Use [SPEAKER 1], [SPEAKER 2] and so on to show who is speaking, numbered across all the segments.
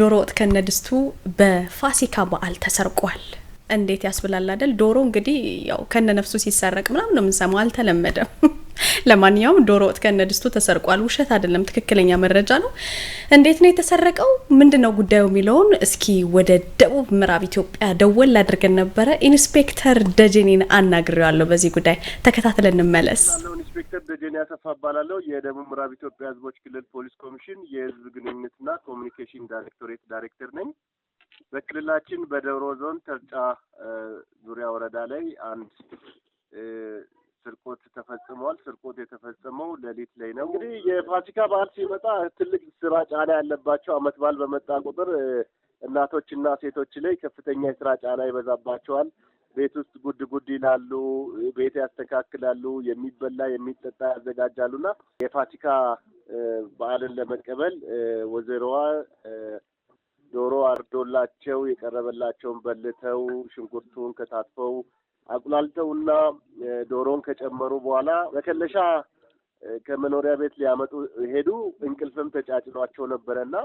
[SPEAKER 1] ዶሮ ወጥ ከነድስቱ በፋሲካ በዓል ተሰርቋል። እንዴት ያስብላል አይደል? ዶሮ እንግዲህ ያው ከነ ነፍሱ ሲሰረቅ ምናምን ነው የምንሰማው፣ አልተለመደም። ለማንኛውም ዶሮ ወጥ ከነድስቱ ተሰርቋል። ውሸት አይደለም፣ ትክክለኛ መረጃ ነው። እንዴት ነው የተሰረቀው? ምንድን ነው ጉዳዩ የሚለውን እስኪ ወደ ደቡብ ምዕራብ ኢትዮጵያ ደወል አድርገን ነበረ። ኢንስፔክተር ደጀኔን አናግሬዋለሁ በዚህ ጉዳይ። ተከታትለን እንመለስ።
[SPEAKER 2] ኢንስፔክተር ደጀኔ ያሰፋ እባላለሁ። የደቡብ ምዕራብ ኢትዮጵያ ህዝቦች ክልል ፖሊስ ኮሚሽን የህዝብ ግንኙነትና ኮሚኒኬሽን ዳይሬክቶሬት ዳይሬክተር ነኝ። በክልላችን በደብሮ ዞን ተርጫ ዙሪያ ወረዳ ላይ አንድ ስርቆት ተፈጽመዋል። ስርቆት የተፈጸመው ሌሊት ላይ ነው። እንግዲህ የፋሲካ በዓል ሲመጣ ትልቅ ስራ ጫና ያለባቸው አመት በዓል በመጣ ቁጥር እናቶችና ሴቶች ላይ ከፍተኛ የስራ ጫና ይበዛባቸዋል። ቤት ውስጥ ጉድ ጉድ ይላሉ፣ ቤት ያስተካክላሉ፣ የሚበላ የሚጠጣ ያዘጋጃሉ እና የፋሲካ በዓልን ለመቀበል ወይዘሮዋ ዶሮ አርዶላቸው የቀረበላቸውን በልተው ሽንኩርቱን ከታትፈው እና ዶሮን ከጨመሩ በኋላ መከለሻ ከመኖሪያ ቤት ሊያመጡ ሄዱ። እንቅልፍም ተጫጭሏቸው ነበረና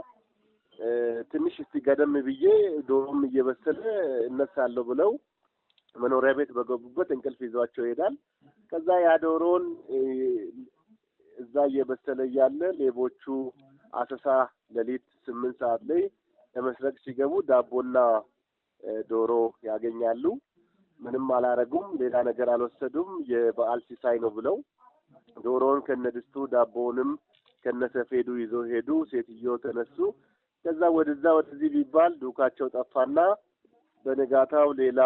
[SPEAKER 2] ትንሽ እስቲ ገደም ብዬ ዶሮም እየበሰለ እነሳለሁ ብለው መኖሪያ ቤት በገቡበት እንቅልፍ ይዟቸው ይሄዳል። ከዛ ያ ዶሮን እዛ እየበሰለ እያለ ሌቦቹ አሰሳ ሌሊት ስምንት ሰዓት ላይ ለመስረቅ ሲገቡ ዳቦና ዶሮ ያገኛሉ። ምንም አላረጉም፣ ሌላ ነገር አልወሰዱም። የበዓል ሲሳይ ነው ብለው ዶሮውን ከነድስቱ ዳቦውንም ከነሰፌዱ ይዘው ሄዱ። ሴትዮ ተነሱ። ከዛ ወደዛ ወደዚህ ቢባል ዱካቸው ጠፋና በንጋታው ሌላ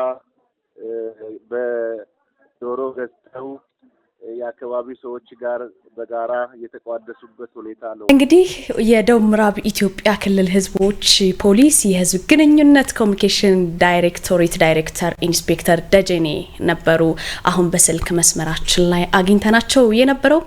[SPEAKER 2] በዶሮ ገዝተው የአካባቢ ሰዎች ጋር በጋራ የተቋደሱበት ሁኔታ ነው።
[SPEAKER 1] እንግዲህ የደቡብ ምዕራብ ኢትዮጵያ ክልል ህዝቦች ፖሊስ የህዝብ ግንኙነት ኮሚኒኬሽን ዳይሬክቶሬት ዳይሬክተር ኢንስፔክተር ደጀኔ ነበሩ። አሁን በስልክ መስመራችን ላይ አግኝተናቸው የነበረው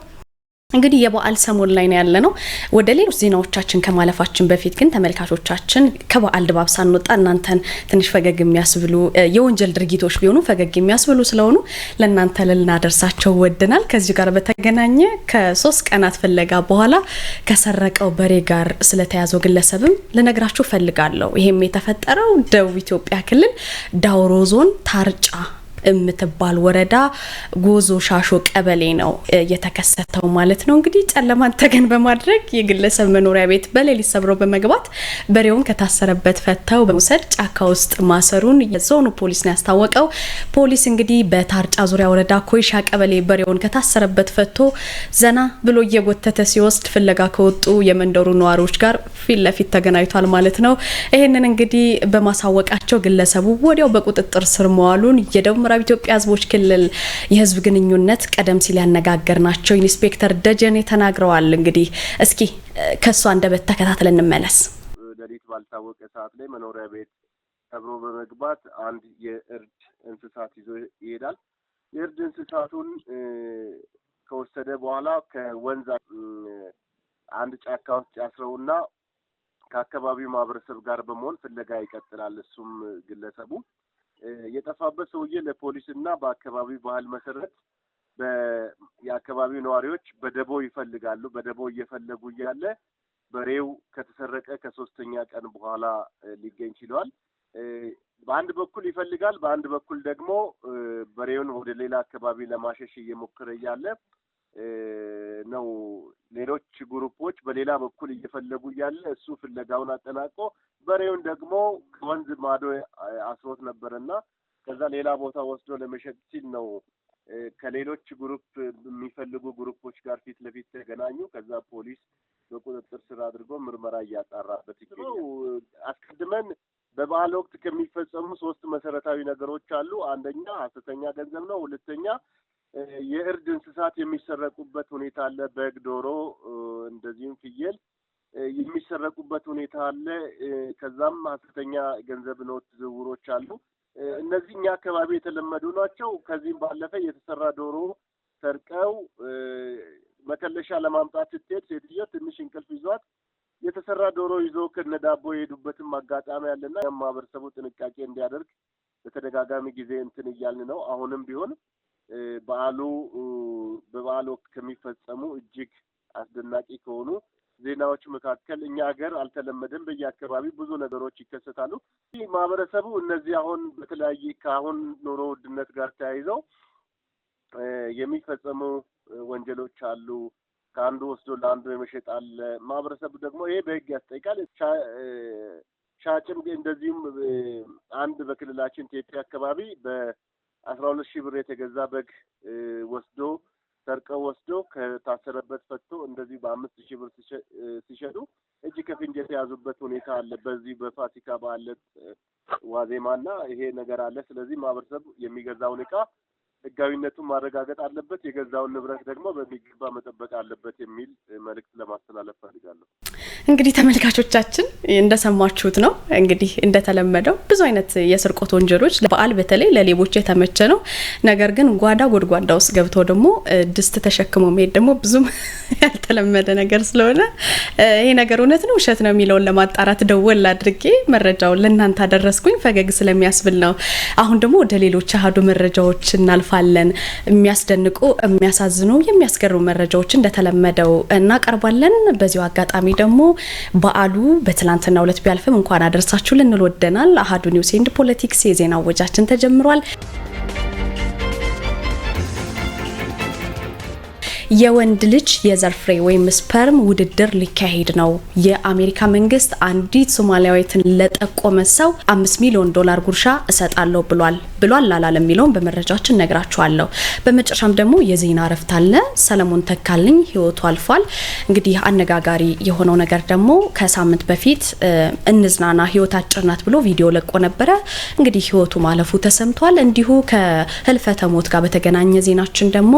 [SPEAKER 1] እንግዲህ የበዓል ሰሞን ላይ ነው ያለ ነው። ወደ ሌሎች ዜናዎቻችን ከማለፋችን በፊት ግን ተመልካቾቻችን ከበዓል ድባብ ሳንወጣ እናንተን ትንሽ ፈገግ የሚያስብሉ የወንጀል ድርጊቶች ቢሆኑ ፈገግ የሚያስብሉ ስለሆኑ ለእናንተ ልናደርሳቸው ወድናል። ከዚህ ጋር በተገናኘ ከሶስት ቀናት ፍለጋ በኋላ ከሰረቀው በሬ ጋር ስለተያዘው ግለሰብም ልነግራችሁ ፈልጋለሁ። ይሄም የተፈጠረው ደቡብ ኢትዮጵያ ክልል ዳውሮ ዞን ታርጫ የምትባል ወረዳ ጎዞ ሻሾ ቀበሌ ነው የተከሰተው ማለት ነው። እንግዲህ ጨለማን ተገን በማድረግ የግለሰብ መኖሪያ ቤት በሌሊት ሰብረው በመግባት በሬውን ከታሰረበት ፈተው በመውሰድ ጫካ ውስጥ ማሰሩን የዞኑ ፖሊስ ነው ያስታወቀው። ፖሊስ እንግዲህ በታርጫ ዙሪያ ወረዳ ኮይሻ ቀበሌ በሬውን ከታሰረበት ፈቶ ዘና ብሎ እየጎተተ ሲወስድ ፍለጋ ከወጡ የመንደሩ ነዋሪዎች ጋር ፊት ለፊት ተገናኝቷል ማለት ነው። ይህንን እንግዲህ በማሳወቃቸው ግለሰቡ ወዲያው በቁጥጥር ስር መዋሉን የደቡብ የምዕራብ ኢትዮጵያ ህዝቦች ክልል የህዝብ ግንኙነት ቀደም ሲል ናቸው ኢንስፔክተር ደጀኔ ተናግረዋል። እንግዲህ እስኪ ከእሱ አንደበት ተከታተል እንመለስ።
[SPEAKER 2] ሌሊት ባልታወቀ ሰዓት ላይ መኖሪያ ቤት ተብሮ በመግባት አንድ የእርድ እንስሳት ይዞ ይሄዳል። የእርድ እንስሳቱን ከወሰደ በኋላ ከወንዝ አንድ ጫካ ውስጥ ያስረውና ከአካባቢው ማህበረሰብ ጋር በመሆን ፍለጋ ይቀጥላል። እሱም ግለሰቡ የጠፋበት ሰውዬ ለፖሊስ እና በአካባቢው ባህል መሰረት የአካባቢው ነዋሪዎች በደቦ ይፈልጋሉ። በደቦ እየፈለጉ እያለ በሬው ከተሰረቀ ከሶስተኛ ቀን በኋላ ሊገኝ ችሏል። በአንድ በኩል ይፈልጋል፣ በአንድ በኩል ደግሞ በሬውን ወደ ሌላ አካባቢ ለማሸሽ እየሞከረ እያለ ነው። ሌሎች ግሩፖች በሌላ በኩል እየፈለጉ እያለ እሱ ፍለጋውን አጠናቆ በሬውን ደግሞ ከወንዝ ማዶ አስሮት ነበረና ከዛ ሌላ ቦታ ወስዶ ለመሸጥ ሲል ነው ከሌሎች ግሩፕ የሚፈልጉ ግሩፖች ጋር ፊት ለፊት ተገናኙ። ከዛ ፖሊስ በቁጥጥር ስር አድርጎ ምርመራ እያጣራበት ይገኛል። አስቀድመን በበዓል ወቅት ከሚፈጸሙ ሶስት መሰረታዊ ነገሮች አሉ። አንደኛ ሀሰተኛ ገንዘብ ነው። ሁለተኛ የእርድ እንስሳት የሚሰረቁበት ሁኔታ አለ። በግ፣ ዶሮ፣ እንደዚሁም ፍየል የሚሰረቁበት ሁኔታ አለ። ከዛም ሀሰተኛ ገንዘብ ኖት ዝውውሮች አሉ። እነዚህ እኛ አካባቢ የተለመዱ ናቸው። ከዚህም ባለፈ የተሰራ ዶሮ ሰርቀው መከለሻ ለማምጣት ስትሄድ ሴትዮ ትንሽ እንቅልፍ ይዟት የተሰራ ዶሮ ይዞ ከነ ዳቦ የሄዱበትም አጋጣሚ ያለና ማህበረሰቡ ጥንቃቄ እንዲያደርግ በተደጋጋሚ ጊዜ እንትን እያልን ነው። አሁንም ቢሆን በዓሉ በበዓል ወቅት ከሚፈጸሙ እጅግ አስደናቂ ከሆኑ ዜናዎች መካከል እኛ ሀገር አልተለመደም። በየአካባቢ ብዙ ነገሮች ይከሰታሉ። ማህበረሰቡ እነዚህ አሁን በተለያየ ከአሁን ኑሮ ውድነት ጋር ተያይዘው የሚፈጸሙ ወንጀሎች አሉ። ከአንዱ ወስዶ ለአንዱ የመሸጥ አለ። ማህበረሰቡ ደግሞ ይሄ በህግ ያስጠይቃል። ሻጭም እንደዚሁም አንድ በክልላችን ኢትዮጵያ አካባቢ በአስራ ሁለት ሺህ ብር የተገዛ በግ ወስዶ ሰርቀው ወስዶ ከታሰረበት ፈቶ እንደዚህ በአምስት ሺህ ብር ሲሸጡ እጅ ከፍንጅ የተያዙበት ሁኔታ አለ። በዚህ በፋሲካ በዓል ዋዜማና ይሄ ነገር አለ። ስለዚህ ማህበረሰብ የሚገዛውን እቃ ህጋዊነቱን ማረጋገጥ አለበት፣ የገዛውን ንብረት ደግሞ በሚገባ መጠበቅ አለበት የሚል መልእክት ለማስተላለፍ ፈልጋለሁ።
[SPEAKER 1] እንግዲህ ተመልካቾቻችን እንደሰማችሁት ነው። እንግዲህ እንደተለመደው ብዙ አይነት የስርቆት ወንጀሎች በዓል በተለይ ለሌቦች የተመቸ ነው። ነገር ግን ጓዳ ጎድጓዳ ውስጥ ገብቶ ደግሞ ድስት ተሸክሞ መሄድ ደግሞ ብዙም ያልተለመደ ነገር ስለሆነ ይሄ ነገር እውነት ነው ውሸት ነው የሚለውን ለማጣራት ደወል አድርጌ መረጃውን ለእናንተ አደረስኩኝ። ፈገግ ስለሚያስብል ነው። አሁን ደግሞ ወደ ሌሎች አህዱ መረጃዎች እናልፋል። እናልፋለን። የሚያስደንቁ፣ የሚያሳዝኑ፣ የሚያስገሩ መረጃዎች እንደተለመደው እናቀርባለን። በዚሁ አጋጣሚ ደግሞ በዓሉ በትላንትና ሁለት ቢያልፍም እንኳን አደርሳችሁ ልንል ወደናል። አሀዱ ኒውስ ኤንድ ፖለቲክስ የዜና ወጃችን ተጀምሯል። የወንድ ልጅ የዘር ፍሬ ወይም ስፐርም ውድድር ሊካሄድ ነው። የአሜሪካ መንግስት አንዲት ሶማሊያዊትን ለጠቆመ ሰው አምስት ሚሊዮን ዶላር ጉርሻ እሰጣለሁ ብሏል። ብሏል አላለም የሚለውን በመረጃችን ነግራችኋለሁ። በመጨረሻም ደግሞ የዜና እረፍት አለ። ሰለሞን ተካልኝ ህይወቱ አልፏል። እንግዲህ አነጋጋሪ የሆነው ነገር ደግሞ ከሳምንት በፊት እንዝናና ህይወት አጭር ናት ብሎ ቪዲዮ ለቆ ነበረ። እንግዲህ ህይወቱ ማለፉ ተሰምቷል። እንዲሁ ከህልፈተ ሞት ጋር በተገናኘ ዜናችን ደግሞ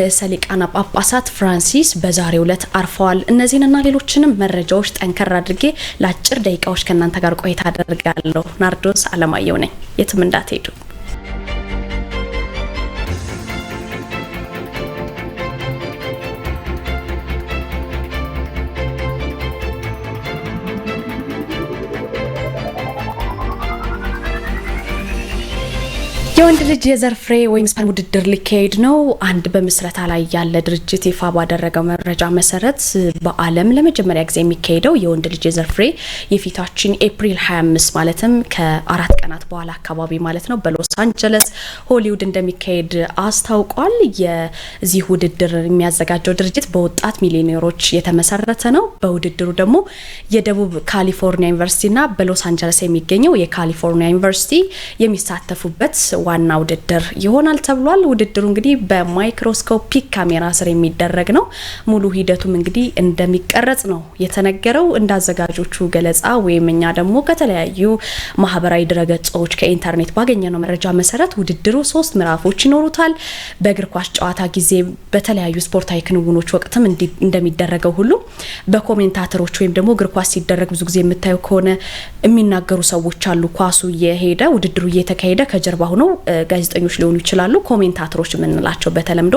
[SPEAKER 1] ርዕሰ ሊቃና ጳጳሳት ፍራንሲስ በዛሬው ዕለት አርፈዋል። እነዚህንና ሌሎችንም መረጃዎች ጠንከር አድርጌ ለአጭር ደቂቃዎች ከእናንተ ጋር ቆይታ አደርጋለሁ። ናርዶስ አለማየሁ ነኝ። የትም እንዳትሄዱ። የወንድ ልጅ የዘር ፍሬ ወይም ስፐርም ውድድር ሊካሄድ ነው። አንድ በምስረታ ላይ ያለ ድርጅት ይፋ ባደረገው መረጃ መሰረት በዓለም ለመጀመሪያ ጊዜ የሚካሄደው የወንድ ልጅ የዘር ፍሬ የፊታችን ኤፕሪል 25 ማለትም ከአራት ቀናት በኋላ አካባቢ ማለት ነው በሎስ አንጀለስ ሆሊውድ እንደሚካሄድ አስታውቋል። የዚህ ውድድር የሚያዘጋጀው ድርጅት በወጣት ሚሊዮኔሮች የተመሰረተ ነው። በውድድሩ ደግሞ የደቡብ ካሊፎርኒያ ዩኒቨርሲቲና በሎስ አንጀለስ የሚገኘው የካሊፎርኒያ ዩኒቨርሲቲ የሚሳተፉበት ዋና ውድድር ይሆናል ተብሏል። ውድድሩ እንግዲህ በማይክሮስኮፒክ ካሜራ ስር የሚደረግ ነው። ሙሉ ሂደቱም እንግዲህ እንደሚቀረጽ ነው የተነገረው። እንደ አዘጋጆቹ ገለጻ ወይም እኛ ደግሞ ከተለያዩ ማህበራዊ ድረገጾች ከኢንተርኔት ባገኘነው መረጃ መሰረት ውድድሩ ሶስት ምዕራፎች ይኖሩታል። በእግር ኳስ ጨዋታ ጊዜ በተለያዩ ስፖርታዊ ክንውኖች ወቅትም እንደሚደረገው ሁሉ በኮሜንታተሮች ወይም ደግሞ እግር ኳስ ሲደረግ ብዙ ጊዜ የምታየው ከሆነ የሚናገሩ ሰዎች አሉ። ኳሱ እየሄደ ውድድሩ እየተካሄደ ከጀርባ ሆነው ጋዜጠኞች ሊሆኑ ይችላሉ፣ ኮሜንታተሮች የምንላቸው በተለምዶ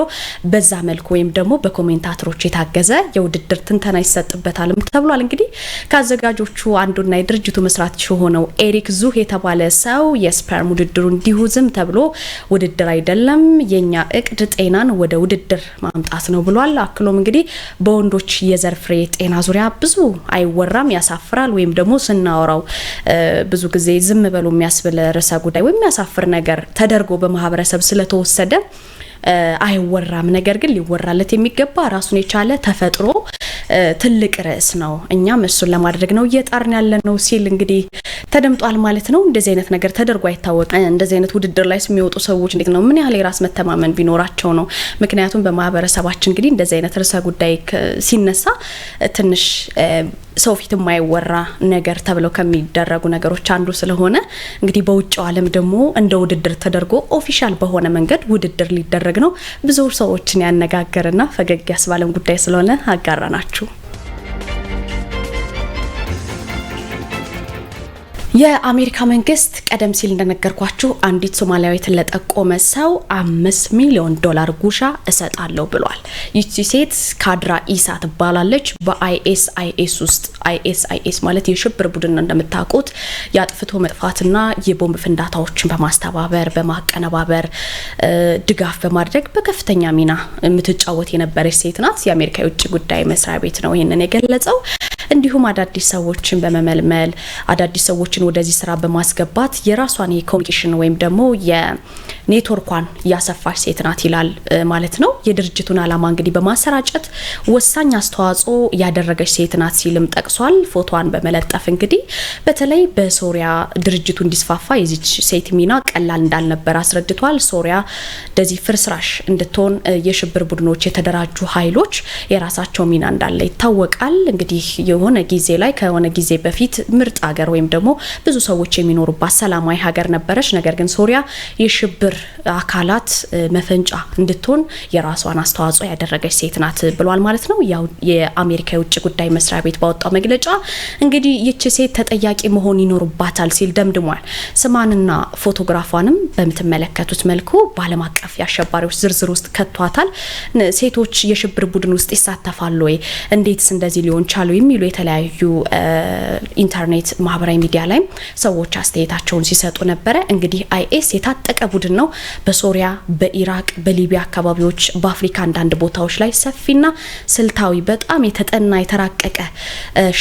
[SPEAKER 1] በዛ መልኩ ወይም ደግሞ በኮሜንታተሮች የታገዘ የውድድር ትንተና ይሰጥበታልም ተብሏል። እንግዲህ ከአዘጋጆቹ አንዱና የድርጅቱ መስራት የሆነው ኤሪክ ዙህ የተባለ ሰው የስፐርም ውድድሩ እንዲሁ ዝም ተብሎ ውድድር አይደለም፣ የኛ እቅድ ጤናን ወደ ውድድር ማምጣት ነው ብሏል። አክሎም እንግዲህ በወንዶች የዘር ፍሬ ጤና ዙሪያ ብዙ አይወራም፣ ያሳፍራል ወይም ደግሞ ስናወራው ብዙ ጊዜ ዝም በሉ የሚያስብል ርዕሰ ጉዳይ ወይም የሚያሳፍር ነገር ተደርጎ በማህበረሰብ ስለተወሰደ አይወራም። ነገር ግን ሊወራለት የሚገባ ራሱን የቻለ ተፈጥሮ ትልቅ ርዕስ ነው። እኛም እሱን ለማድረግ ነው እየጣርን ያለ ነው ሲል እንግዲህ ተደምጧል ማለት ነው። እንደዚህ አይነት ነገር ተደርጎ አይታወቅም። እንደዚህ አይነት ውድድር ላይ የሚወጡ ሰዎች እንዴት ነው ምን ያህል የራስ መተማመን ቢኖራቸው ነው? ምክንያቱም በማህበረሰባችን እንግዲህ እንደዚህ አይነት ርዕሰ ጉዳይ ሲነሳ ትንሽ ሰው ፊት የማይወራ ነገር ተብለው ከሚደረጉ ነገሮች አንዱ ስለሆነ እንግዲህ በውጭው ዓለም ደግሞ እንደ ውድድር ተደርጎ ኦፊሻል በሆነ መንገድ ውድድር ሊደረግ ነው። ብዙ ሰዎችን ያነጋገርና ፈገግ ያስባለን ጉዳይ ስለሆነ አጋራ ናችሁ። የአሜሪካ መንግስት ቀደም ሲል እንደነገርኳችሁ አንዲት ሶማሊያዊትን ለጠቆመ ሰው አምስት ሚሊዮን ዶላር ጉሻ እሰጣለሁ ብሏል። ይቺ ሴት ካድራ ኢሳ ትባላለች። በአይኤስአይኤስ ውስጥ አይኤስአይኤስ ማለት የሽብር ቡድን እንደምታውቁት የአጥፍቶ መጥፋትና የቦምብ ፍንዳታዎችን በማስተባበር በማቀነባበር ድጋፍ በማድረግ በከፍተኛ ሚና የምትጫወት የነበረች ሴት ናት። የአሜሪካ የውጭ ጉዳይ መስሪያ ቤት ነው ይህንን የገለጸው። እንዲሁም አዳዲስ ሰዎችን በመመልመል አዳዲስ ሰዎችን ወደዚህ ስራ በማስገባት የራሷን የኮሚኒኬሽን ወይም ደግሞ የኔትወርኳን እያሰፋች ሴት ናት ይላል ማለት ነው። የድርጅቱን ዓላማ እንግዲህ በማሰራጨት ወሳኝ አስተዋጽኦ ያደረገች ሴት ናት ሲልም ጠቅሷል። ፎቶዋን በመለጠፍ እንግዲህ በተለይ በሶሪያ ድርጅቱ እንዲስፋፋ የዚች ሴት ሚና ቀላል እንዳልነበር አስረድቷል። ሶሪያ እንደዚህ ፍርስራሽ እንድትሆን የሽብር ቡድኖች የተደራጁ ኃይሎች የራሳቸው ሚና እንዳለ ይታወቃል። እንግዲህ የሆነ ጊዜ ላይ ከሆነ ጊዜ በፊት ምርጥ ሀገር ወይም ደግሞ ብዙ ሰዎች የሚኖሩባት ሰላማዊ ሀገር ነበረች። ነገር ግን ሶሪያ የሽብር አካላት መፈንጫ እንድትሆን የራሷን አስተዋጽኦ ያደረገች ሴት ናት ብሏል ማለት ነው። ያው የአሜሪካ የውጭ ጉዳይ መስሪያ ቤት ባወጣው መግለጫ እንግዲህ ይች ሴት ተጠያቂ መሆን ይኖርባታል ሲል ደምድሟል። ስማንና ፎቶግራፏንም በምትመለከቱት መልኩ በዓለም አቀፍ የአሸባሪዎች ዝርዝር ውስጥ ከቷታል። ሴቶች የሽብር ቡድን ውስጥ ይሳተፋሉ ወይ? እንዴትስ እንደዚህ ሊሆን ቻሉ? የሚሉ የተለያዩ ኢንተርኔት ማህበራዊ ሚዲያ ላይ ሰዎች አስተያየታቸውን ሲሰጡ ነበረ። እንግዲህ አይኤስ የታጠቀ ቡድን ነው። በሶሪያ፣ በኢራቅ፣ በሊቢያ አካባቢዎች፣ በአፍሪካ አንዳንድ ቦታዎች ላይ ሰፊና ስልታዊ በጣም የተጠና የተራቀቀ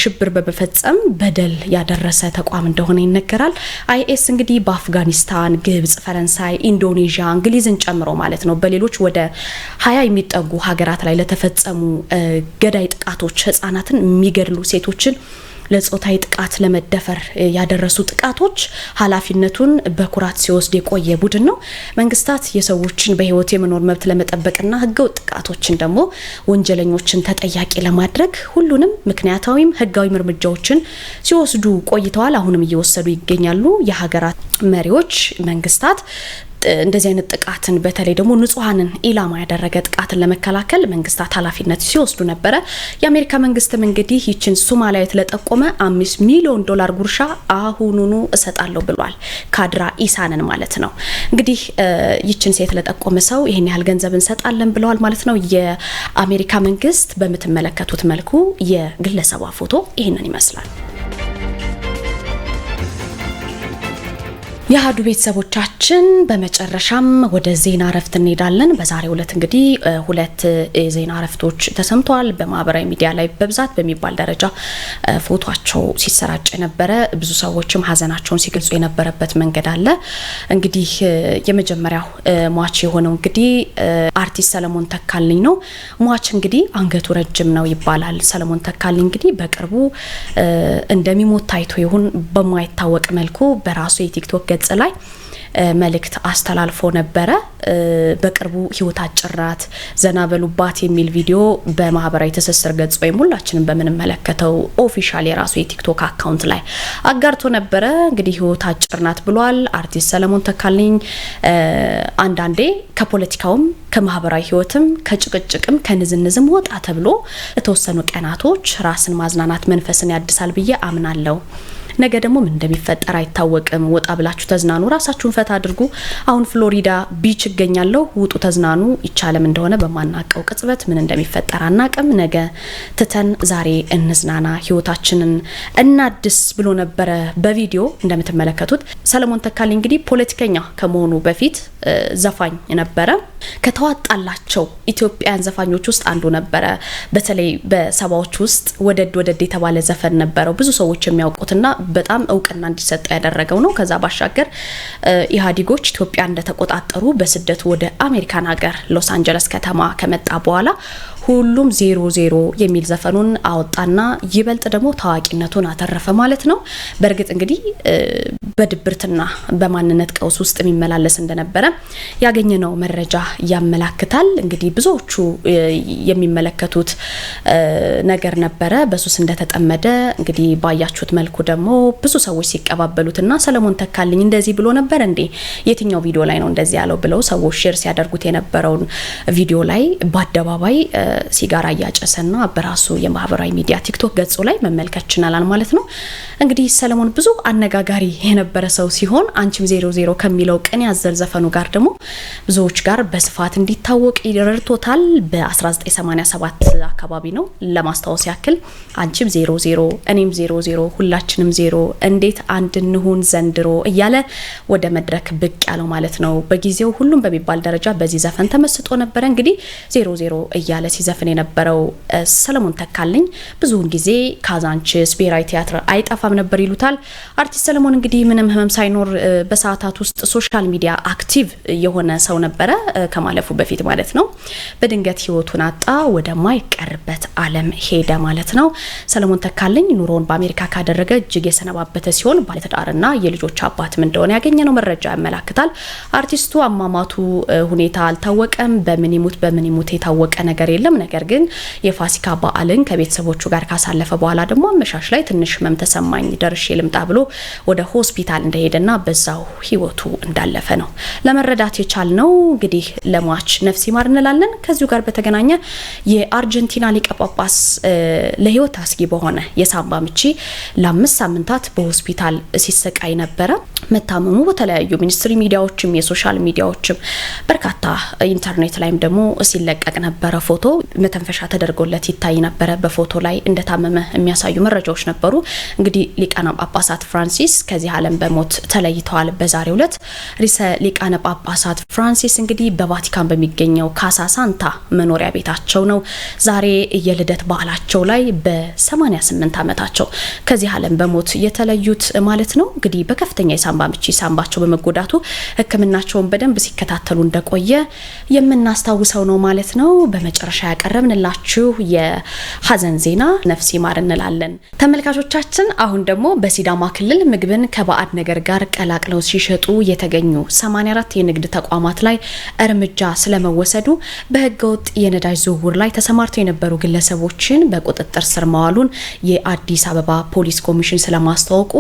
[SPEAKER 1] ሽብር በመፈጸም በደል ያደረሰ ተቋም እንደሆነ ይነገራል። አይኤስ እንግዲህ በአፍጋኒስታን፣ ግብጽ፣ ፈረንሳይ፣ ኢንዶኔዥያ፣ እንግሊዝን ጨምሮ ማለት ነው በሌሎች ወደ ሀያ የሚጠጉ ሀገራት ላይ ለተፈጸሙ ገዳይ ጥቃቶች ህጻናትን የሚገድሉ ሴቶችን ለጾታዊ ጥቃት ለመደፈር ያደረሱ ጥቃቶች ኃላፊነቱን በኩራት ሲወስድ የቆየ ቡድን ነው። መንግስታት የሰዎችን በህይወት የመኖር መብት ለመጠበቅና ህገወጥ ጥቃቶችን ደግሞ ወንጀለኞችን ተጠያቂ ለማድረግ ሁሉንም ምክንያታዊም ህጋዊም እርምጃዎችን ሲወስዱ ቆይተዋል። አሁንም እየወሰዱ ይገኛሉ። የሀገራት መሪዎች መንግስታት እንደዚህ አይነት ጥቃትን በተለይ ደግሞ ንጹሐንን ኢላማ ያደረገ ጥቃትን ለመከላከል መንግስታት ኃላፊነት ሲወስዱ ነበረ። የአሜሪካ መንግስትም እንግዲህ ይችን ሶማሊያዊት ለጠቆመ አምስት ሚሊዮን ዶላር ጉርሻ አሁኑኑ እሰጣለሁ ብሏል። ካድራ ኢሳንን ማለት ነው። እንግዲህ ይችን ሴት ለጠቆመ ሰው ይህን ያህል ገንዘብ እንሰጣለን ብለዋል ማለት ነው። የአሜሪካ መንግስት በምትመለከቱት መልኩ የግለሰቧ ፎቶ ይህንን ይመስላል። የአሀዱ ቤተሰቦቻችን በመጨረሻም ወደ ዜና እረፍት እንሄዳለን። በዛሬው ዕለት እንግዲህ ሁለት ዜና እረፍቶች ተሰምተዋል። በማህበራዊ ሚዲያ ላይ በብዛት በሚባል ደረጃ ፎቷቸው ሲሰራጭ የነበረ ብዙ ሰዎችም ሀዘናቸውን ሲገልጹ የነበረበት መንገድ አለ። እንግዲህ የመጀመሪያው ሟች የሆነው እንግዲህ አርቲስት ሰለሞን ተካልኝ ነው። ሟች እንግዲህ አንገቱ ረጅም ነው ይባላል። ሰለሞን ተካልኝ እንግዲህ በቅርቡ እንደሚሞት ታይቶ ይሁን በማይታወቅ መልኩ በራሱ የቲክቶክ ገጽ ላይ መልእክት አስተላልፎ ነበረ። በቅርቡ ህይወት አጭራት ዘና በሉባት የሚል ቪዲዮ በማህበራዊ ትስስር ገጽ ወይም ሁላችንም በምንመለከተው ኦፊሻል የራሱ የቲክቶክ አካውንት ላይ አጋርቶ ነበረ። እንግዲህ ህይወት አጭርናት ብሏል። አርቲስት ሰለሞን ተካልኝ አንዳንዴ ከፖለቲካውም ከማህበራዊ ህይወትም ከጭቅጭቅም ከንዝንዝም ወጣ ተብሎ የተወሰኑ ቀናቶች ራስን ማዝናናት መንፈስን ያድሳል ብዬ አምናለሁ። ነገ ደግሞ ምን እንደሚፈጠር አይታወቅም። ወጣ ብላችሁ ተዝናኑ፣ ራሳችሁን ፈታ አድርጉ። አሁን ፍሎሪዳ ቢች ይገኛለሁ፣ ውጡ፣ ተዝናኑ። ይቻለም እንደሆነ በማናቀው ቅጽበት ምን እንደሚፈጠር አናቅም። ነገ ትተን ዛሬ እንዝናና፣ ህይወታችንን እናድስ ብሎ ነበረ በቪዲዮ እንደምትመለከቱት። ሰለሞን ተካልኝ እንግዲህ ፖለቲከኛ ከመሆኑ በፊት ዘፋኝ ነበረ። ከተዋጣላቸው ኢትዮጵያውያን ዘፋኞች ውስጥ አንዱ ነበረ። በተለይ በሰባዎች ውስጥ ወደድ ወደድ የተባለ ዘፈን ነበረው ብዙ ሰዎች የሚያውቁትና በጣም እውቅና እንዲሰጠው ያደረገው ነው። ከዛ ባሻገር ኢህአዴጎች ኢትዮጵያ እንደተቆጣጠሩ በስደት ወደ አሜሪካን ሀገር ሎስ አንጀለስ ከተማ ከመጣ በኋላ ሁሉም ዜሮ ዜሮ የሚል ዘፈኑን አወጣና ይበልጥ ደግሞ ታዋቂነቱን አተረፈ ማለት ነው። በእርግጥ እንግዲህ በድብርትና በማንነት ቀውስ ውስጥ የሚመላለስ እንደነበረ ያገኘነው መረጃ ያመላክታል። እንግዲህ ብዙዎቹ የሚመለከቱት ነገር ነበረ። በሱስ እንደተጠመደ እንግዲህ ባያችሁት መልኩ ደግሞ ብዙ ሰዎች ሲቀባበሉትና ሰለሞን ተካልኝ እንደዚህ ብሎ ነበር እንዴ የትኛው ቪዲዮ ላይ ነው እንደዚህ ያለው ብለው ሰዎች ሼር ሲያደርጉት የነበረውን ቪዲዮ ላይ በአደባባይ ሲጋራ እያጨሰና በራሱ የማህበራዊ ሚዲያ ቲክቶክ ገጹ ላይ መመልከት ችናላል ማለት ነው። እንግዲህ ሰለሞን ብዙ አነጋጋሪ የነበረ ሰው ሲሆን አንቺም ዜሮ ዜሮ ከሚለው ቅኔ አዘል ዘፈኑ ጋር ደግሞ ብዙዎች ጋር በስፋት እንዲታወቅ ይረድቶታል። በ1987 አካባቢ ነው ለማስታወስ ያክል አንቺም ዜሮ ዜሮ እኔም ዜሮ ዜሮ ሁላችንም ዜሮ እንዴት አንድ እንሁን ዘንድሮ እያለ ወደ መድረክ ብቅ ያለው ማለት ነው። በጊዜው ሁሉም በሚባል ደረጃ በዚህ ዘፈን ተመስጦ ነበረ እንግዲህ ዜሮ ዜሮ እያለ ሲዘፍን የነበረው ሰለሞን ተካልኝ ብዙውን ጊዜ ካዛንችስ ብሔራዊ ቲያትር አይጠፋም ነበር ይሉታል። አርቲስት ሰለሞን እንግዲህ ምንም ህመም ሳይኖር በሰዓታት ውስጥ ሶሻል ሚዲያ አክቲቭ የሆነ ሰው ነበረ፣ ከማለፉ በፊት ማለት ነው። በድንገት ህይወቱን አጣ፣ ወደማይቀርበት አለም ሄደ ማለት ነው። ሰለሞን ተካልኝ ኑሮውን በአሜሪካ ካደረገ እጅግ የሰነባበተ ሲሆን ባለትዳርና የልጆች አባትም እንደሆነ ያገኘነው መረጃ ያመላክታል። አርቲስቱ አሟሟቱ ሁኔታ አልታወቀም። በምን ይሙት በምን ይሙት የታወቀ ነገር የለም። አልቻለም። ነገር ግን የፋሲካ በዓልን ከቤተሰቦቹ ጋር ካሳለፈ በኋላ ደግሞ አመሻሽ ላይ ትንሽ ህመም ተሰማኝ ደርሼ ልምጣ ብሎ ወደ ሆስፒታል እንደሄደና በዛው ህይወቱ እንዳለፈ ነው ለመረዳት የቻልነው። እንግዲህ ለሟች ነፍስ ይማር እንላለን። ከዚሁ ጋር በተገናኘ የአርጀንቲና ሊቀ ጳጳስ ለህይወት አስጊ በሆነ የሳምባ ምቺ ለአምስት ሳምንታት በሆስፒታል ሲሰቃይ ነበረ። መታመሙ በተለያዩ ሚኒስትሪ ሚዲያዎችም የሶሻል ሚዲያዎችም በርካታ ኢንተርኔት ላይም ደግሞ ሲለቀቅ ነበረ ፎቶ መተንፈሻ ተደርጎለት ይታይ ነበረ። በፎቶ ላይ እንደታመመ የሚያሳዩ መረጃዎች ነበሩ። እንግዲህ ሊቃነ ጳጳሳት ፍራንሲስ ከዚህ ዓለም በሞት ተለይተዋል። በዛሬው ዕለት ርዕሰ ሊቃነ ጳጳሳት ፍራንሲስ እንግዲህ በቫቲካን በሚገኘው ካሳ ሳንታ መኖሪያ ቤታቸው ነው ዛሬ የልደት በዓላቸው ላይ በ88 ዓመታቸው ከዚህ ዓለም በሞት የተለዩት ማለት ነው። እንግዲህ በከፍተኛ የሳምባ ምች ሳምባቸው በመጎዳቱ ሕክምናቸውን በደንብ ሲከታተሉ እንደቆየ የምናስታውሰው ነው ማለት ነው። በመጨረሻ ያቀረብንላችሁ የሀዘን ዜና ነፍስ ይማር እንላለን። ተመልካቾቻችን አሁን ደግሞ በሲዳማ ክልል ምግብን ከባዕድ ነገር ጋር ቀላቅለው ሲሸጡ የተገኙ 84 የንግድ ተቋማት ላይ እርምጃ ስለመወሰዱ፣ በህገወጥ የነዳጅ ዝውውር ላይ ተሰማርተው የነበሩ ግለሰቦችን በቁጥጥር ስር መዋሉን የአዲስ አበባ ፖሊስ ኮሚሽን ስለማስታወቁ፣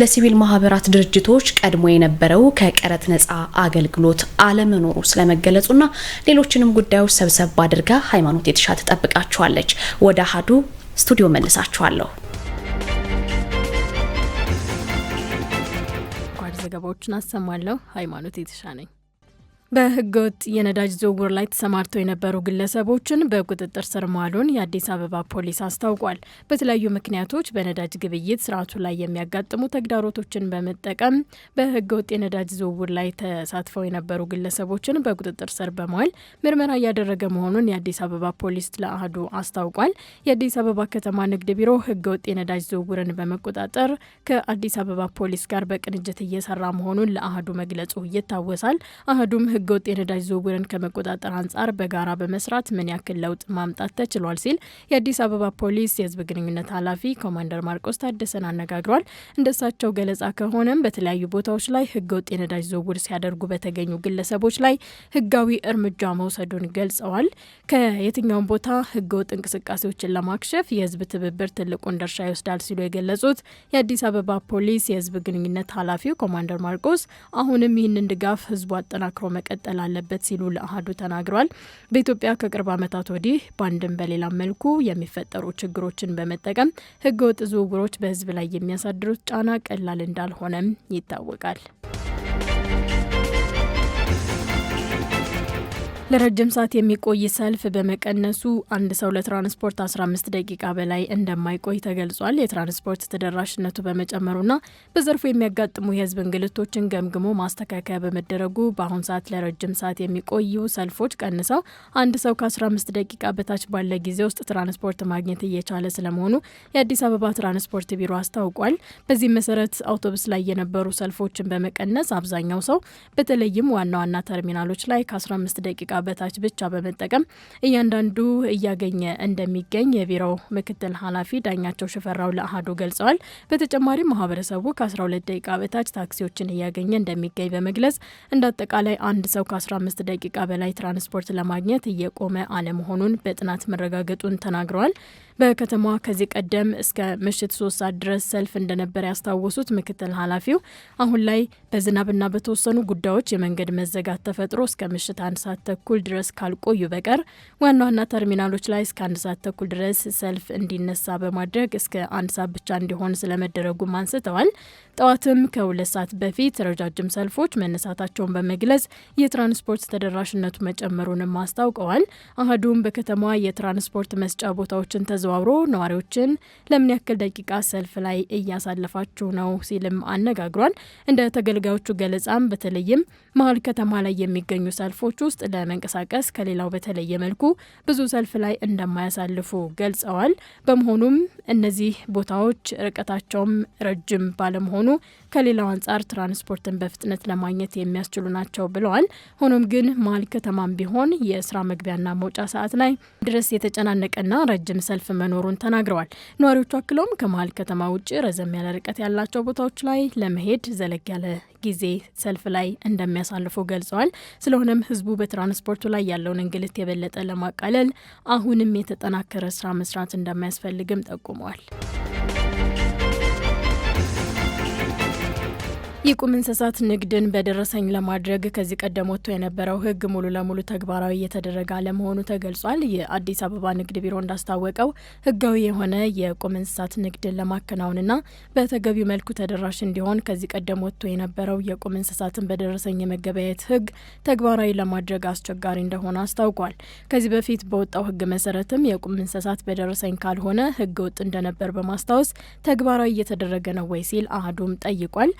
[SPEAKER 1] ለሲቪል ማህበራት ድርጅቶች ቀድሞ የነበረው ከቀረጥ ነፃ አገልግሎት አለመኖሩ ስለመገለጹና ሌሎችንም ጉዳዮች ሰብሰብ አድርጋ ሃይማኖት የተሻ ትጠብቃችኋለች። ወደ ሀዱ ስቱዲዮ መልሳችኋለሁ። ዘገባዎችን አሰማለሁ። ሃይማኖት የተሻ ነኝ። በህገወጥ የነዳጅ ዝውውር ላይ ተሰማርተው የነበሩ ግለሰቦችን በቁጥጥር ስር መዋሉን የአዲስ አበባ ፖሊስ አስታውቋል። በተለያዩ ምክንያቶች በነዳጅ ግብይት ስርዓቱ ላይ የሚያጋጥሙ ተግዳሮቶችን በመጠቀም በህገወጥ የነዳጅ ዝውውር ላይ ተሳትፈው የነበሩ ግለሰቦችን በቁጥጥር ስር በመዋል ምርመራ እያደረገ መሆኑን የአዲስ አበባ ፖሊስ ለአህዱ አስታውቋል። የአዲስ አበባ ከተማ ንግድ ቢሮ ህገወጥ የነዳጅ ዝውውርን በመቆጣጠር ከአዲስ አበባ ፖሊስ ጋር በቅንጅት እየሰራ መሆኑን ለአህዱ መግለጹ ይታወሳል። አህዱም ህገወጥ የነዳጅ ዝውውርን ከመቆጣጠር አንጻር በጋራ በመስራት ምን ያክል ለውጥ ማምጣት ተችሏል ሲል የአዲስ አበባ ፖሊስ የህዝብ ግንኙነት ኃላፊ ኮማንደር ማርቆስ ታደሰን አነጋግሯል። እንደሳቸው ገለጻ ከሆነም በተለያዩ ቦታዎች ላይ ህገወጥ የነዳጅ ዝውውር ሲያደርጉ በተገኙ ግለሰቦች ላይ ህጋዊ እርምጃ መውሰዱን ገልጸዋል። ከየትኛውም ቦታ ህገወጥ እንቅስቃሴዎችን ለማክሸፍ የህዝብ ትብብር ትልቁን ድርሻ ይወስዳል ሲሉ የገለጹት የአዲስ አበባ ፖሊስ የህዝብ ግንኙነት ኃላፊው ኮማንደር ማርቆስ አሁንም ይህንን ድጋፍ ህዝቡ አጠናክሮ መቀ መቀጠል አለበት ሲሉ ለአህዱ ተናግሯል። በኢትዮጵያ ከቅርብ ዓመታት ወዲህ በአንድም በሌላ መልኩ የሚፈጠሩ ችግሮችን በመጠቀም ህገወጥ ዝውውሮች በህዝብ ላይ የሚያሳድሩት ጫና ቀላል እንዳልሆነም ይታወቃል። ለረጅም ሰዓት የሚቆይ ሰልፍ በመቀነሱ አንድ ሰው ለትራንስፖርት 15 ደቂቃ በላይ እንደማይቆይ ተገልጿል። የትራንስፖርት ተደራሽነቱ በመጨመሩና በዘርፉ የሚያጋጥሙ የሕዝብ እንግልቶችን ገምግሞ ማስተካከያ በመደረጉ በአሁን ሰዓት ለረጅም ሰዓት የሚቆዩ ሰልፎች ቀንሰው አንድ ሰው ከ15 ደቂቃ በታች ባለ ጊዜ ውስጥ ትራንስፖርት ማግኘት እየቻለ ስለመሆኑ የአዲስ አበባ ትራንስፖርት ቢሮ አስታውቋል። በዚህ መሰረት አውቶቡስ ላይ የነበሩ ሰልፎችን በመቀነስ አብዛኛው ሰው በተለይም ዋና ዋና ተርሚናሎች ላይ ከ15 ደቂቃ በታች ብቻ በመጠቀም እያንዳንዱ እያገኘ እንደሚገኝ የቢሮው ምክትል ኃላፊ ዳኛቸው ሽፈራው ለአህዱ ገልጸዋል። በተጨማሪም ማህበረሰቡ ከ12 ደቂቃ በታች ታክሲዎችን እያገኘ እንደሚገኝ በመግለጽ እንደ አጠቃላይ አንድ ሰው ከ15 ደቂቃ በላይ ትራንስፖርት ለማግኘት እየቆመ አለመሆኑን በጥናት መረጋገጡን ተናግረዋል። በከተማዋ ከዚህ ቀደም እስከ ምሽት ሶስት ሰዓት ድረስ ሰልፍ እንደነበር ያስታወሱት ምክትል ኃላፊው አሁን ላይ በዝናብና በተወሰኑ ጉዳዮች የመንገድ መዘጋት ተፈጥሮ እስከ ምሽት አንድ ሰዓት ተኩል ድረስ ካልቆዩ በቀር ዋና ዋና ተርሚናሎች ላይ እስከ አንድ ሰዓት ተኩል ድረስ ሰልፍ እንዲነሳ በማድረግ እስከ አንድ ሰዓት ብቻ እንዲሆን ስለመደረጉም አንስተዋል። ጠዋትም ከሁለት ሰዓት በፊት ረጃጅም ሰልፎች መነሳታቸውን በመግለጽ የትራንስፖርት ተደራሽነቱ መጨመሩንም አስታውቀዋል። አህዱም በከተማዋ የትራንስፖርት መስጫ ቦታዎችን ተዘ ተዘዋውሮ ነዋሪዎችን ለምን ያክል ደቂቃ ሰልፍ ላይ እያሳለፋችሁ ነው ሲልም አነጋግሯል። እንደ ተገልጋዮቹ ገለጻም በተለይም መሀል ከተማ ላይ የሚገኙ ሰልፎች ውስጥ ለመንቀሳቀስ ከሌላው በተለየ መልኩ ብዙ ሰልፍ ላይ እንደማያሳልፉ ገልጸዋል። በመሆኑም እነዚህ ቦታዎች ርቀታቸውም ረጅም ባለመሆኑ ከሌላው አንጻር ትራንስፖርትን በፍጥነት ለማግኘት የሚያስችሉ ናቸው ብለዋል። ሆኖም ግን መሀል ከተማም ቢሆን የስራ መግቢያና መውጫ ሰዓት ላይ ድረስ የተጨናነቀና ረጅም ሰልፍ መኖሩን ተናግረዋል። ነዋሪዎቹ አክለውም ከመሀል ከተማ ውጭ ረዘም ያለ ርቀት ያላቸው ቦታዎች ላይ ለመሄድ ዘለግ ያለ ጊዜ ሰልፍ ላይ እንደሚያሳልፉ ገልጸዋል። ስለሆነም ህዝቡ በትራንስፖርቱ ላይ ያለውን እንግልት የበለጠ ለማቃለል አሁንም የተጠናከረ ስራ መስራት እንደማያስፈልግም ጠቁመዋል። የቁም እንስሳት ንግድን በደረሰኝ ለማድረግ ከዚህ ቀደም ወጥቶ የነበረው ሕግ ሙሉ ለሙሉ ተግባራዊ እየተደረገ አለመሆኑ ተገልጿል። የአዲስ አበባ ንግድ ቢሮ እንዳስታወቀው ሕጋዊ የሆነ የቁም እንስሳት ንግድን ለማከናወንና በተገቢው መልኩ ተደራሽ እንዲሆን ከዚህ ቀደም ወጥቶ የነበረው የቁም እንስሳትን በደረሰኝ የመገበያየት ሕግ ተግባራዊ ለማድረግ አስቸጋሪ እንደሆነ አስታውቋል። ከዚህ በፊት በወጣው ሕግ መሰረትም የቁም እንስሳት በደረሰኝ ካልሆነ ሕገ ወጥ እንደነበር በማስታወስ ተግባራዊ እየተደረገ ነው ወይ ሲል አህዱም ጠይቋል።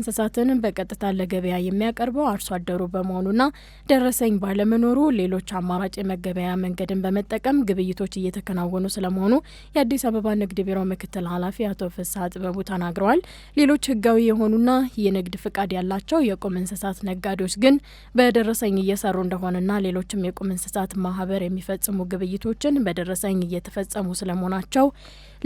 [SPEAKER 1] እንስሳትን በቀጥታ ለገበያ የሚያቀርበው አርሶ አደሩ በመሆኑና ደረሰኝ ባለመኖሩ ሌሎች አማራጭ የመገበያ መንገድን በመጠቀም ግብይቶች እየተከናወኑ ስለመሆኑ የአዲስ አበባ ንግድ ቢሮ ምክትል ኃላፊ አቶ ፍሳ ጥበቡ ተናግረዋል። ሌሎች ህጋዊ የሆኑና የንግድ ፍቃድ ያላቸው የቁም እንስሳት ነጋዴዎች ግን በደረሰኝ እየሰሩ እንደሆነና ሌሎችም የቁም እንስሳት ማህበር የሚፈጽሙ ግብይቶችን በደረሰኝ እየተፈጸሙ ስለመሆናቸው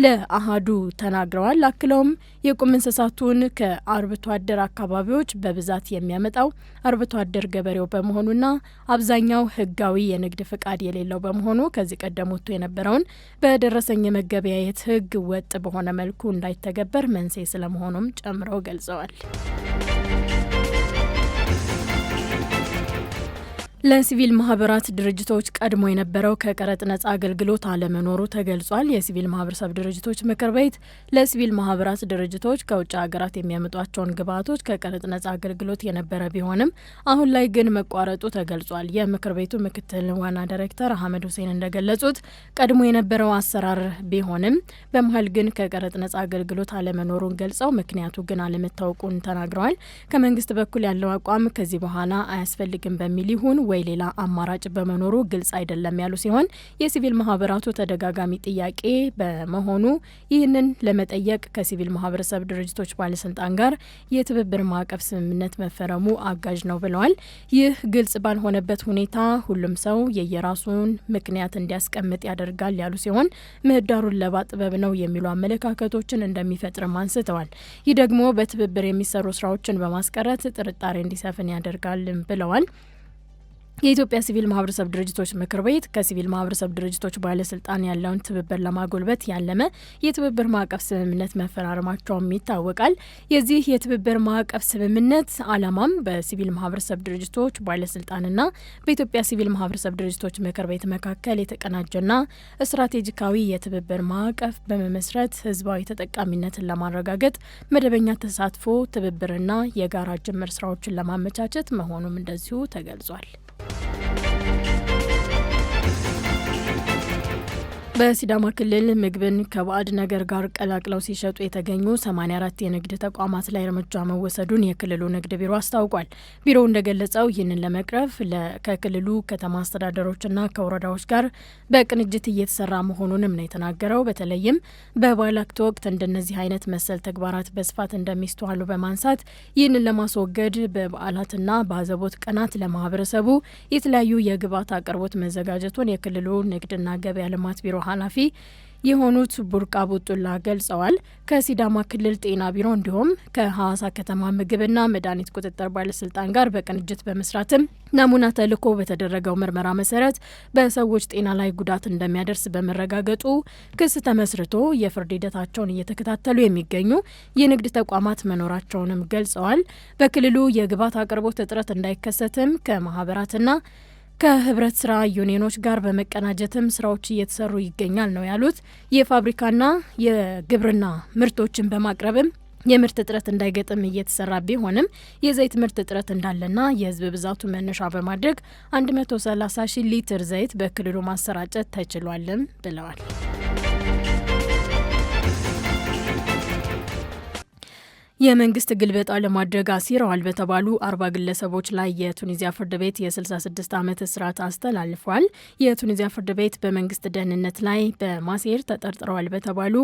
[SPEAKER 1] ለአሃዱ ተናግረዋል። አክለውም የቁም እንስሳቱን ከአርብቶ አደር አካባቢዎች በብዛት የሚያመጣው አርብቶ አደር ገበሬው በመሆኑና አብዛኛው ህጋዊ የንግድ ፍቃድ የሌለው በመሆኑ ከዚህ ቀደም ወጥቶ የነበረውን በደረሰኝ የመገበያየት ህግ ወጥ በሆነ መልኩ እንዳይተገበር መንስኤ ስለመሆኑም ጨምረው ገልጸዋል። ለሲቪል ማህበራት ድርጅቶች ቀድሞ የነበረው ከቀረጥ ነጻ አገልግሎት አለመኖሩ ተገልጿል። የሲቪል ማህበረሰብ ድርጅቶች ምክር ቤት ለሲቪል ማህበራት ድርጅቶች ከውጭ ሀገራት የሚያመጧቸውን ግብዓቶች ከቀረጥ ነጻ አገልግሎት የነበረ ቢሆንም አሁን ላይ ግን መቋረጡ ተገልጿል። የምክር ቤቱ ምክትል ዋና ዳይሬክተር አህመድ ሁሴን እንደገለጹት ቀድሞ የነበረው አሰራር ቢሆንም በመሀል ግን ከቀረጥ ነጻ አገልግሎት አለመኖሩን ገልጸው ምክንያቱ ግን አለመታወቁን ተናግረዋል። ከመንግስት በኩል ያለው አቋም ከዚህ በኋላ አያስፈልግም በሚል ይሁን ወይ ሌላ አማራጭ በመኖሩ ግልጽ አይደለም ያሉ ሲሆን የሲቪል ማህበራቱ ተደጋጋሚ ጥያቄ በመሆኑ ይህንን ለመጠየቅ ከሲቪል ማህበረሰብ ድርጅቶች ባለስልጣን ጋር የትብብር ማዕቀፍ ስምምነት መፈረሙ አጋዥ ነው ብለዋል። ይህ ግልጽ ባልሆነበት ሁኔታ ሁሉም ሰው የየራሱን ምክንያት እንዲያስቀምጥ ያደርጋል ያሉ ሲሆን ምህዳሩን ለማጥበብ ነው የሚሉ አመለካከቶችን እንደሚፈጥርም አንስተዋል። ይህ ደግሞ በትብብር የሚሰሩ ስራዎችን በማስቀረት ጥርጣሬ እንዲሰፍን ያደርጋልም ብለዋል። የኢትዮጵያ ሲቪል ማህበረሰብ ድርጅቶች ምክር ቤት ከሲቪል ማህበረሰብ ድርጅቶች ባለስልጣን ያለውን ትብብር ለማጎልበት ያለመ የትብብር ማዕቀፍ ስምምነት መፈራረማቸውም ይታወቃል። የዚህ የትብብር ማዕቀፍ ስምምነት ዓላማም በሲቪል ማህበረሰብ ድርጅቶች ባለስልጣንና በኢትዮጵያ ሲቪል ማህበረሰብ ድርጅቶች ምክር ቤት መካከል የተቀናጀና ስትራቴጂካዊ የትብብር ማዕቀፍ በመመስረት ህዝባዊ ተጠቃሚነትን ለማረጋገጥ መደበኛ ተሳትፎ፣ ትብብርና የጋራ ጅምር ስራዎችን ለማመቻቸት መሆኑም እንደዚሁ ተገልጿል። በሲዳማ ክልል ምግብን ከባዕድ ነገር ጋር ቀላቅለው ሲሸጡ የተገኙ 84 የንግድ ተቋማት ላይ እርምጃ መወሰዱን የክልሉ ንግድ ቢሮ አስታውቋል። ቢሮው እንደገለጸው ይህንን ለመቅረፍ ከክልሉ ከተማ አስተዳደሮችና ከወረዳዎች ጋር በቅንጅት እየተሰራ መሆኑንም ነው የተናገረው። በተለይም በባላክት ወቅት ወቅት እንደነዚህ አይነት መሰል ተግባራት በስፋት እንደሚስተዋሉ በማንሳት ይህንን ለማስወገድ በበዓላትና በአዘቦት ቀናት ለማህበረሰቡ የተለያዩ የግብዓት አቅርቦት መዘጋጀቱን የክልሉ ንግድና ገበያ ልማት ቢሮ ኃላፊ የሆኑት ቡርቃ ቡጡላ ገልጸዋል። ከሲዳማ ክልል ጤና ቢሮ እንዲሁም ከሐዋሳ ከተማ ምግብና መድኃኒት ቁጥጥር ባለስልጣን ጋር በቅንጅት በመስራትም ናሙና ተልኮ በተደረገው ምርመራ መሰረት በሰዎች ጤና ላይ ጉዳት እንደሚያደርስ በመረጋገጡ ክስ ተመስርቶ የፍርድ ሂደታቸውን እየተከታተሉ የሚገኙ የንግድ ተቋማት መኖራቸውንም ገልጸዋል። በክልሉ የግብዓት አቅርቦት እጥረት እንዳይከሰትም ከማህበራትና ከህብረት ስራ ዩኒዮኖች ጋር በመቀናጀትም ስራዎች እየተሰሩ ይገኛል ነው ያሉት። የፋብሪካና የግብርና ምርቶችን በማቅረብም የምርት እጥረት እንዳይገጥም እየተሰራ ቢሆንም የዘይት ምርት እጥረት እንዳለና የህዝብ ብዛቱ መነሻ በማድረግ 130 ሺህ ሊትር ዘይት በክልሉ ማሰራጨት ተችሏልም ብለዋል። የመንግስት ግልበጣ ለማድረግ አሲረዋል በተባሉ አርባ ግለሰቦች ላይ የቱኒዚያ ፍርድ ቤት የ66 ዓመት እስራት አስተላልፏል። የቱኒዚያ ፍርድ ቤት በመንግስት ደህንነት ላይ በማሴር ተጠርጥረዋል በተባሉ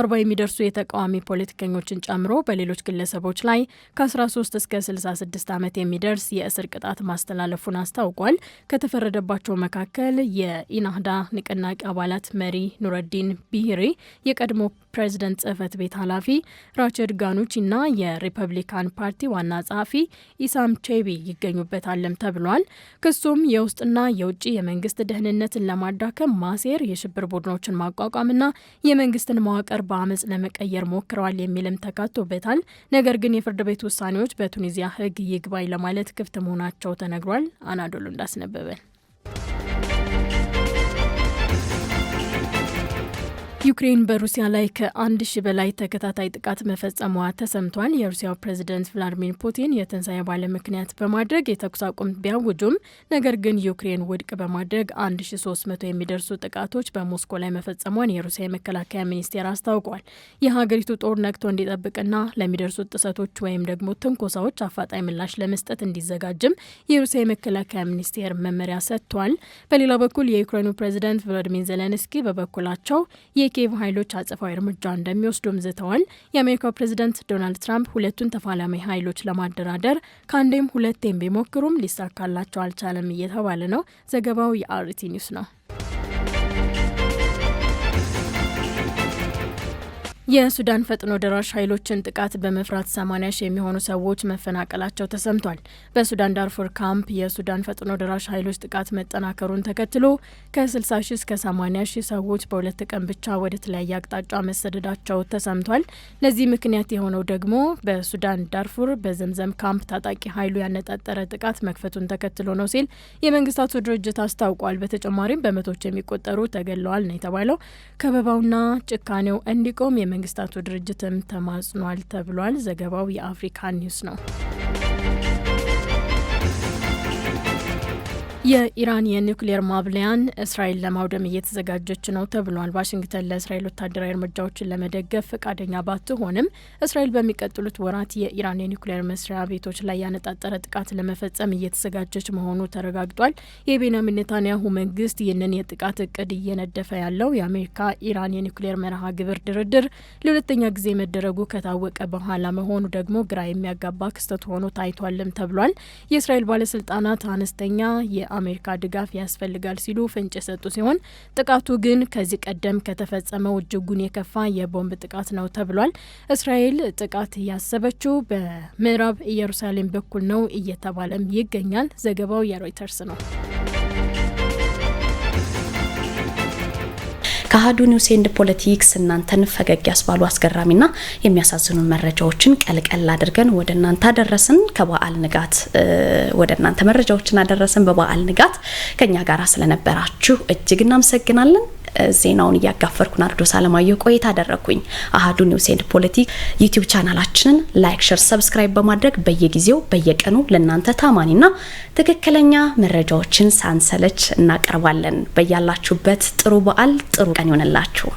[SPEAKER 1] አርባ የሚደርሱ የተቃዋሚ ፖለቲከኞችን ጨምሮ በሌሎች ግለሰቦች ላይ ከ13 እስከ 66 ዓመት የሚደርስ የእስር ቅጣት ማስተላለፉን አስታውቋል። ከተፈረደባቸው መካከል የኢናህዳ ንቅናቄ አባላት መሪ ኑረዲን ቢሂሪ፣ የቀድሞ ፕሬዚደንት ጽህፈት ቤት ኃላፊ ራቸድ ጋኑቺ እና የሪፐብሊካን ፓርቲ ዋና ጸሐፊ ኢሳም ቼቢ ይገኙበታልም ተብሏል። ክሱም የውስጥና የውጭ የመንግስት ደህንነትን ለማዳከም ማሴር፣ የሽብር ቡድኖችን ማቋቋምና የመንግስትን መዋቅር በአመፅ ለመቀየር ሞክረዋል የሚልም ተካቶበታል። ነገር ግን የፍርድ ቤት ውሳኔዎች በቱኒዚያ ህግ ይግባኝ ለማለት ክፍት መሆናቸው ተነግሯል። አናዶሉ እንዳስነበበን ዩክሬን በሩሲያ ላይ ከአንድ ሺ በላይ ተከታታይ ጥቃት መፈጸሟ ተሰምቷል። የሩሲያው ፕሬዝደንት ቭላድሚር ፑቲን የትንሣኤ በዓል ምክንያት በማድረግ የተኩስ አቁም ቢያውጁም ነገር ግን ዩክሬን ውድቅ በማድረግ 1300 የሚደርሱ ጥቃቶች በሞስኮ ላይ መፈጸሟን የሩሲያ የመከላከያ ሚኒስቴር አስታውቋል። የሀገሪቱ ጦር ነቅቶ እንዲጠብቅና ለሚደርሱ ጥሰቶች ወይም ደግሞ ትንኮሳዎች አፋጣኝ ምላሽ ለመስጠት እንዲዘጋጅም የሩሲያ የመከላከያ ሚኒስቴር መመሪያ ሰጥቷል። በሌላ በኩል የዩክሬኑ ፕሬዝደንት ቮሎዲሚር ዜሌንስኪ በበኩላቸው የኬቭ ኃይሎች አጸፋዊ እርምጃ እንደሚወስዱም ዝተዋል። የአሜሪካው ፕሬዝደንት ዶናልድ ትራምፕ ሁለቱን ተፋላሚ ኃይሎች ለማደራደር ከአንዴም ሁለቴም ቢሞክሩም ሊሳካላቸው አልቻለም እየተባለ ነው። ዘገባው የአርቲ ኒውስ ነው። የሱዳን ፈጥኖ ደራሽ ኃይሎችን ጥቃት በመፍራት ሰማንያ ሺህ የሚሆኑ ሰዎች መፈናቀላቸው ተሰምቷል። በሱዳን ዳርፉር ካምፕ የሱዳን ፈጥኖ ደራሽ ኃይሎች ጥቃት መጠናከሩን ተከትሎ ከ60 ሺህ እስከ 80 ሺህ ሰዎች በሁለት ቀን ብቻ ወደ ተለያየ አቅጣጫ መሰደዳቸው ተሰምቷል። ለዚህ ምክንያት የሆነው ደግሞ በሱዳን ዳርፉር በዘምዘም ካምፕ ታጣቂ ኃይሉ ያነጣጠረ ጥቃት መክፈቱን ተከትሎ ነው ሲል የመንግስታቱ ድርጅት አስታውቋል። በተጨማሪም በመቶች የሚቆጠሩ ተገለዋል ነው የተባለው። ከበባውና ጭካኔው እንዲቆም የመንግስታቱ ድርጅትም ተማጽኗል ተብሏል። ዘገባው የአፍሪካ ኒውስ ነው። የኢራን የኒውክሌር ማብለያን እስራኤል ለማውደም እየተዘጋጀች ነው ተብሏል። ዋሽንግተን ለእስራኤል ወታደራዊ እርምጃዎችን ለመደገፍ ፈቃደኛ ባትሆንም እስራኤል በሚቀጥሉት ወራት የኢራን የኒውክሌር መስሪያ ቤቶች ላይ ያነጣጠረ ጥቃት ለመፈጸም እየተዘጋጀች መሆኑ ተረጋግጧል። የቤንያሚን ኔታንያሁ መንግስት ይህንን የጥቃት እቅድ እየነደፈ ያለው የአሜሪካ ኢራን የኒውክሌር መርሃ ግብር ድርድር ለሁለተኛ ጊዜ መደረጉ ከታወቀ በኋላ መሆኑ ደግሞ ግራ የሚያጋባ ክስተት ሆኖ ታይቷልም ተብሏል። የእስራኤል ባለስልጣናት አነስተኛ የአሜሪካ ድጋፍ ያስፈልጋል ሲሉ ፍንጭ የሰጡ ሲሆን ጥቃቱ ግን ከዚህ ቀደም ከተፈጸመው እጅጉን የከፋ የቦምብ ጥቃት ነው ተብሏል። እስራኤል ጥቃት ያሰበችው በምዕራብ ኢየሩሳሌም በኩል ነው እየተባለም ይገኛል። ዘገባው የሮይተርስ ነው። ከአሀዱ ኒውስ ኤንድ ፖለቲክስ እናንተን ፈገግ ያስባሉ አስገራሚና የሚያሳዝኑ መረጃዎችን ቀልቀል አድርገን ወደ እናንተ አደረስን። ከበዓል ንጋት ወደ እናንተ መረጃዎችን አደረስን። በበዓል ንጋት ከኛ ጋር ስለነበራችሁ እጅግ እናመሰግናለን። ዜናውን እያጋፈርኩ ናርዶስ አለማየሁ ቆይታ አደረግኩኝ። አህዱ ኒውስ ኤንድ ፖለቲክ ዩቲዩብ ቻናላችንን ላይክ፣ ሸር፣ ሰብስክራይብ በማድረግ በየጊዜው በየቀኑ ለእናንተ ታማኒና ትክክለኛ መረጃዎችን ሳንሰለች እናቀርባለን። በያላችሁበት ጥሩ በዓል ጥሩ ቀን ይሆንላችሁ።